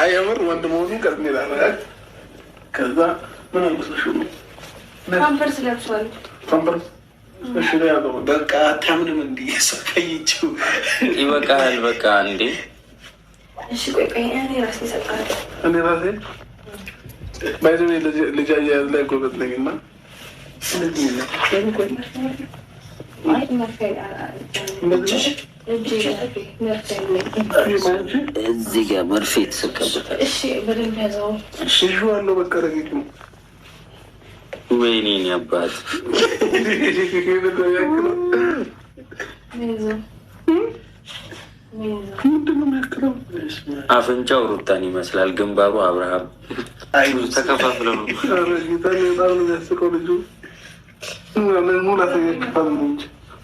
አይ የምር ወንድ መሆኑን ቀድሜ ላረጋል። ከዛ ምን አንበሳሽ ፓምፐርስ ለብሷል። ፓምፐርስ እሺ ነው ያለው። በቃ አታምንም እንዲ ሰፈይችው ይበቃል። በቃ እንዴ እሺ ቆይ ቆይ እኔ ራሴ ሰጣል። እኔ ራሴ ባይዘ ልጅ አያያዝ ላይ ጎበዝ ነኝ እና እዚህ ጋር መርፌ የተሰቀበታለሽ። ወይኔ እኔ አባት አፍንጫው ሩታን ይመስላል፣ ግንባሩ አብርሃም ተከፋፍለ ነው።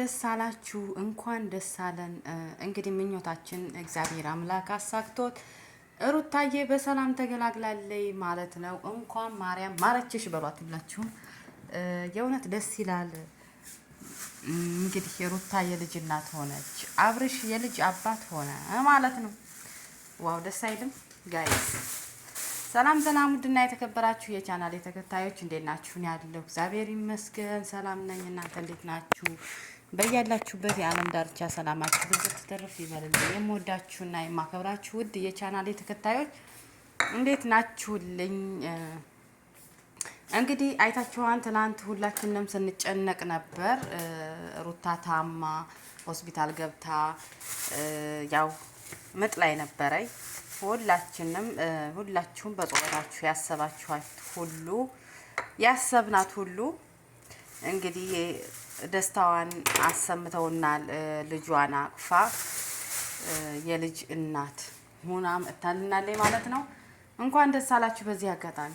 ደስ አላችሁ፣ እንኳን ደስ አለን። እንግዲህ ምኞታችን እግዚአብሔር አምላክ አሳክቶት ሩታዬ በሰላም ተገላግላለይ ማለት ነው። እንኳን ማርያም ማረችሽ በሏት ሁላችሁም። የእውነት ደስ ይላል። እንግዲህ ሩታ የልጅ እናት ሆነች፣ አብርሽ የልጅ አባት ሆነ ማለት ነው። ዋው ደስ አይልም ጋይስ? ሰላም ሰላም፣ ውድና የተከበራችሁ የቻናል የተከታዮች እንዴት ናችሁን? ያለው እግዚአብሔር ይመስገን ሰላም ነኝ። እናንተ እንዴት ናችሁ? በያላችሁበት የዓለም ዳርቻ ሰላማችሁ ብዙ ትርፍ ይበልልኝ። የምወዳችሁና የማከብራችሁ ውድ የቻናሌ ተከታዮች እንዴት ናችሁልኝ? እንግዲህ አይታችኋን ትናንት ሁላችንም ስንጨነቅ ነበር። ሩታ ታማ ሆስፒታል ገብታ ያው ምጥ ላይ ነበረኝ። ሁላችንም ሁላችሁም በጸሎታችሁ ያሰባችኋት ሁሉ ያሰብናት ሁሉ እንግዲህ ደስታዋን አሰምተውናል። ልጇን አቅፋ የልጅ እናት ሁና መጥታልናለች ማለት ነው። እንኳን ደስ አላችሁ በዚህ አጋጣሚ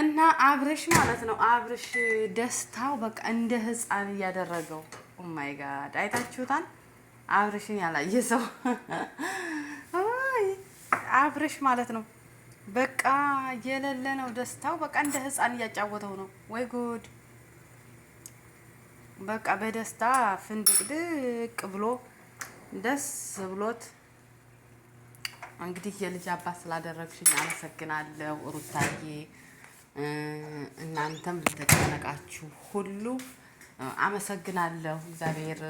እና አብርሽ ማለት ነው። አብርሽ ደስታው በቃ እንደ ህፃን እያደረገው ኦማይ ጋድ አይታችሁታል። አብርሽን ያላየ ሰው አብርሽ ማለት ነው። በቃ የሌለ ነው ደስታው። በቃ እንደ ህፃን እያጫወተው ነው። ወይ ጉድ በቃ በደስታ ፍንድቅድቅ ብሎ ደስ ብሎት እንግዲህ የልጅ አባት ስላደረግሽኝ አመሰግናለሁ ሩታዬ። እናንተም ለተጨነቃችሁ ሁሉ አመሰግናለሁ። እግዚአብሔር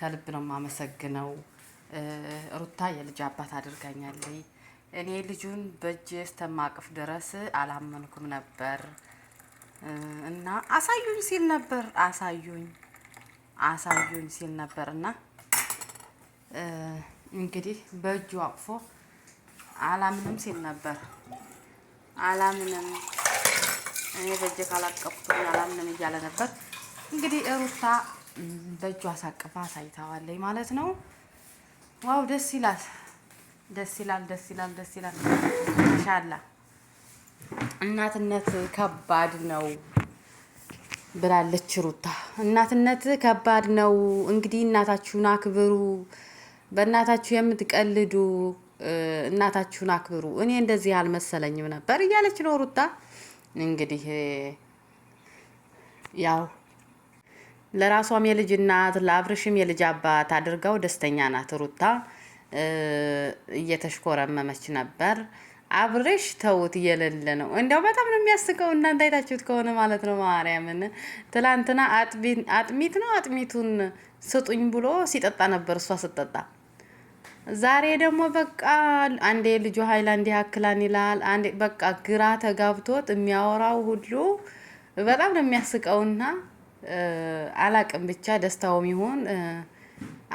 ከልብ ነው የማመሰግነው። ሩታ የልጅ አባት አድርጋኛለች። እኔ ልጁን በእጄ እስከማቅፍ ድረስ አላመንኩም ነበር። እና አሳዩኝ ሲል ነበር አሳዩኝ አሳዩኝ ሲል ነበር። እና እንግዲህ በእጁ አቅፎ አላምንም ሲል ነበር። አላምንም እኔ በእጄ ካላቀፍኩኝ አላምንም እያለ ነበር። እንግዲህ ሩታ በእጁ አሳቅፋ አሳይታዋለኝ ማለት ነው። ዋው ደስ ይላል፣ ደስ ይላል፣ ደስ ይላል፣ ደስ ይላል። ማሻአላህ እናትነት ከባድ ነው ብላለች ሩታ። እናትነት ከባድ ነው። እንግዲህ እናታችሁን አክብሩ። በእናታችሁ የምትቀልዱ እናታችሁን አክብሩ። እኔ እንደዚህ አልመሰለኝም ነበር እያለች ነው ሩታ። እንግዲህ ያው ለራሷም የልጅ እናት ለአብርሽም የልጅ አባት አድርገው ደስተኛ ናት ሩታ። እየተሽኮረመመች ነበር። አብርሽ ተውት እየለለ ነው። እንዲያው በጣም ነው የሚያስቀው። እናንተ አይታችሁት ከሆነ ማለት ነው ማርያምን ትላንትና አጥሚት ነው አጥሚቱን ስጡኝ ብሎ ሲጠጣ ነበር እሷ ስጠጣ። ዛሬ ደግሞ በቃ አንዴ ልጁ ሀይላንድ ያክላን ይላል። አንዴ በቃ ግራ ተጋብቶት የሚያወራው ሁሉ በጣም ነው የሚያስቀውና አላቅም ብቻ ደስታውም ይሁን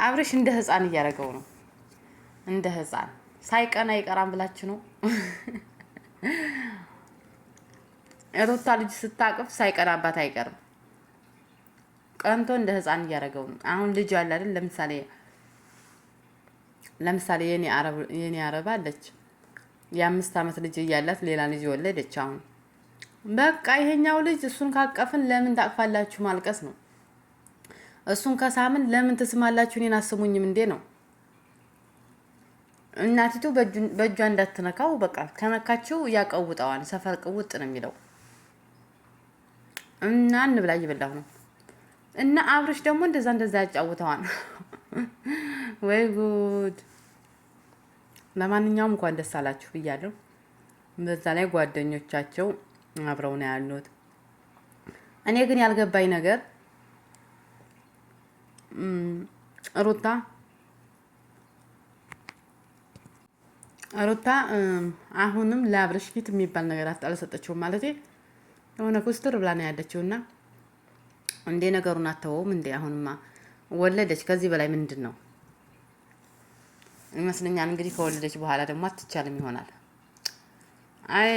አብሬሽ እንደ ህፃን እያደረገው ነው እንደ ህፃን። ሳይቀና አይቀራም ብላችሁ ነው ሩታ ልጅ ስታቅፍ ሳይቀናባት አይቀርም። ቀንቶ እንደ ህፃን እያደረገው ነው። አሁን ልጅ ያለ አይደል? ለምሳሌ ለምሳሌ የኔ አረብ አለች የአምስት ዓመት ልጅ እያላት ሌላ ልጅ ወለደች። አሁን በቃ ይሄኛው ልጅ እሱን ካቀፍን ለምን ታቅፋላችሁ? ማልቀስ ነው። እሱን ከሳምን ለምን ትስማላችሁ? እኔን አስሙኝም እንዴ ነው እናቲቱ በእጇ እንዳትነካው። በቃ ከነካችው ያቀውጠዋል። ሰፈር ቅውጥ ነው የሚለው እና እንብላ እየበላሁ ነው። እና አብርሽ ደግሞ እንደዛ እንደዛ ያጫውተዋል። ወይ ጉድ! ለማንኛውም እንኳን ደስ አላችሁ ብያለሁ። በዛ ላይ ጓደኞቻቸው አብረው ነው ያሉት። እኔ ግን ያልገባኝ ነገር ሩታ ሩታ አሁንም ለአብረሽ ፊት የሚባል ነገር አልሰጠችውም። ማለት የሆነ ኩስትር ብላ ነው እና እንዴ ነገሩን አተወውም እንዴ አሁንማ ወለደች። ከዚህ በላይ ምንድን ነው ይመስለኛል። እንግዲህ ከወለደች በኋላ ደግሞ አትቻልም ይሆናል። አይ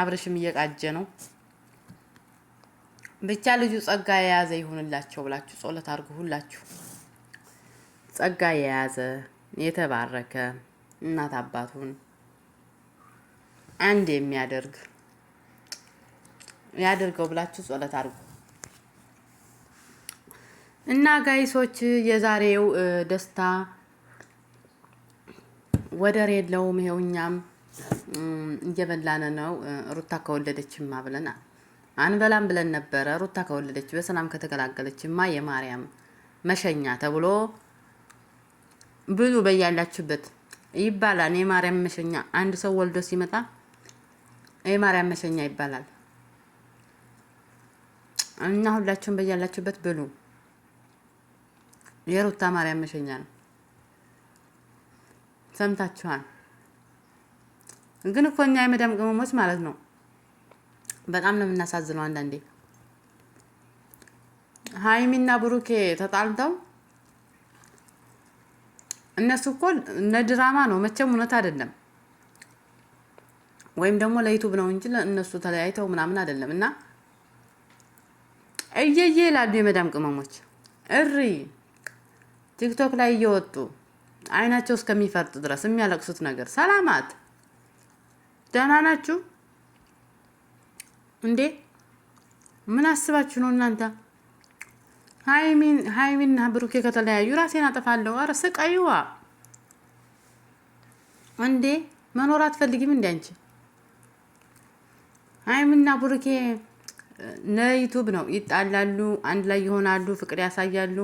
አብረሽም እየቃጀ ነው። ብቻ ልጁ ጸጋ የያዘ ይሁንላቸው ብላችሁ ጸሎት አድርጉ ሁላችሁ። ጸጋ የያዘ የተባረከ እናት አባቱን አንድ የሚያደርግ ያደርገው ብላችሁ ጸሎት አድርጉ እና ጋይሶች፣ የዛሬው ደስታ ወደር የለውም። ይሄው እኛም ነው። ሩታ ከወለደችማ ብለን አንበላም ብለን ነበረ። ሩታ ከወለደች በሰላም ከተገላገለችማ የማርያም መሸኛ ተብሎ ብዙ በያላችሁበት ይባላል። የማርያም መሸኛ አንድ ሰው ወልዶ ሲመጣ የማርያም መሸኛ ይባላል። እና ሁላችሁም በያላችሁበት ብሉ። የሩታ ማርያም መሸኛ ነው። ሰምታችኋል። ግን እኮ እኛ የመዳም ቅመሞች ማለት ነው በጣም ነው የምናሳዝነው አንዳንዴ ሀይሚና ብሩኬ ተጣልተው እነሱ እኮ ድራማ ነው መቼም እውነት አይደለም። ወይም ደግሞ ለዩቱብ ነው እንጂ እነሱ ተለያይተው ምናምን አይደለም። እና እየየ ይላሉ የመዳም ቅመሞች እሪ ቲክቶክ ላይ እየወጡ አይናቸው እስከሚፈርጥ ድረስ የሚያለቅሱት ነገር። ሰላማት ደህና ናችሁ እንዴ? ምን አስባችሁ ነው እናንተ? ሀይሚና ብሩኬ ከተለያዩ ራሴን አጠፋለሁ። አረ ስቃይዋ እንዴ! መኖር አትፈልጊም እንዴ አንቺ? ሀይሚና ብሩኬ ለዩቱብ ነው ይጣላሉ፣ አንድ ላይ ይሆናሉ፣ ፍቅር ያሳያሉ።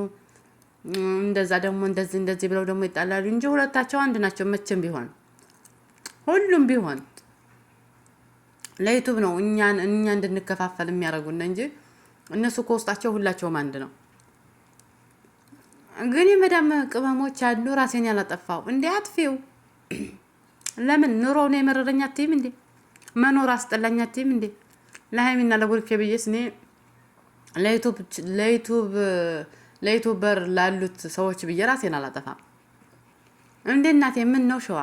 እንደዛ ደግሞ እንደዚህ እንደዚህ ብለው ደግሞ ይጣላሉ እንጂ ሁለታቸው አንድ ናቸው። መቼም ቢሆን ሁሉም ቢሆን ለዩቱብ ነው እኛን እኛ እንድንከፋፈል የሚያደርጉን እንጂ እነሱ ከውስጣቸው ሁላቸውም አንድ ነው። ግን የመዳም ቅመሞች አሉ። ራሴን ያላጠፋው እንዴ አጥፌው። ለምን ኑሮ ነው የመረረኛ አትይም እንዴ? መኖር አስጠላኛ ቲም እንዴ? ለሀይሚና ለቡርኬ ብዬስ እኔ ለዩቱብ ለዩቱበር ላሉት ሰዎች ብዬ ራሴን አላጠፋም እንዴ እናቴ። ምን ነው ሸዋ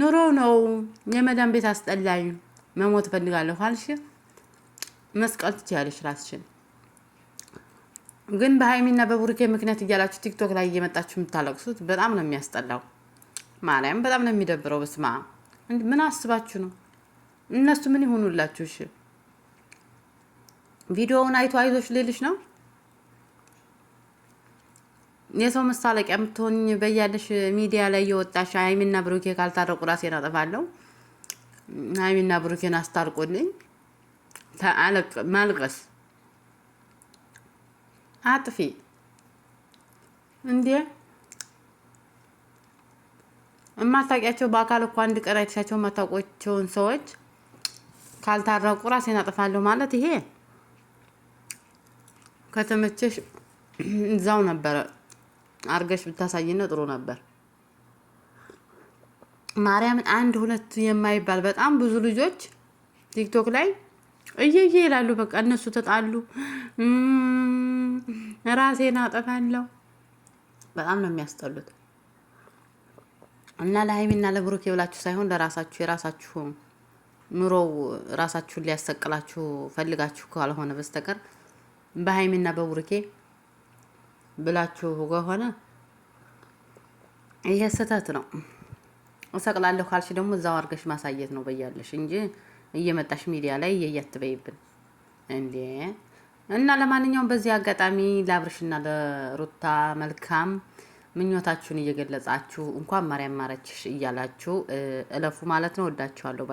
ኑሮ ነው የመዳም ቤት አስጠላኝ፣ መሞት ፈልጋለሁ አልሽ መስቀል ትችያለሽ ራስሽን ግን በሀይሚና በቡሩኬ ምክንያት እያላችሁ ቲክቶክ ላይ እየመጣችሁ የምታለቅሱት በጣም ነው የሚያስጠላው። ማርያም በጣም ነው የሚደብረው። በስማ ምን አስባችሁ ነው? እነሱ ምን ይሆኑላችሁ? እሺ ቪዲዮውን አይቶ አይዞች ሌልሽ ነው የሰው መሳለቂያ የምትሆኝ በያለሽ ሚዲያ ላይ እየወጣሽ ሀይሚና ብሩኬ ካልታረቁ ራሴን አጠፋለሁ። ሀይሚና ብሩኬን አስታርቁልኝ ማልቀስ አጥፊ እንዴ የማታውቂያቸው በአካል እኮ አንድ ቀን አይተሻቸው የማታውቋቸውን ሰዎች ካልታረቁ ራሴን አጥፋለሁ ማለት ይሄ ከተመቸሽ እዛው ነበረ አርገሽ ብታሳይነ ጥሩ ነበር። ማርያምን አንድ ሁለት የማይባል በጣም ብዙ ልጆች ቲክቶክ ላይ እየየ ይላሉ። በቃ እነሱ ተጣሉ ራሴን አጠፋለሁ። በጣም ነው የሚያስጠሉት። እና ለሀይሚና ለብሩኬ ብላችሁ ሳይሆን ለራሳችሁ የራሳችሁ ኑሮው ራሳችሁን ሊያሰቅላችሁ ፈልጋችሁ ካልሆነ በስተቀር በሀይሚና በብሩኬ ብላችሁ ከሆነ ይሄ ስህተት ነው። እሰቅላለሁ ካልሽ ደግሞ እዛው አድርገሽ ማሳየት ነው በያለሽ እንጂ እየመጣሽ ሚዲያ ላይ እየያትበይብን እንዴ እና ለማንኛውም በዚህ አጋጣሚ ለአብርሽና ለሩታ መልካም ምኞታችሁን እየገለጻችሁ እንኳን ማርያም ማረችሽ እያላችሁ እለፉ ማለት ነው። ወዳችኋለሁ።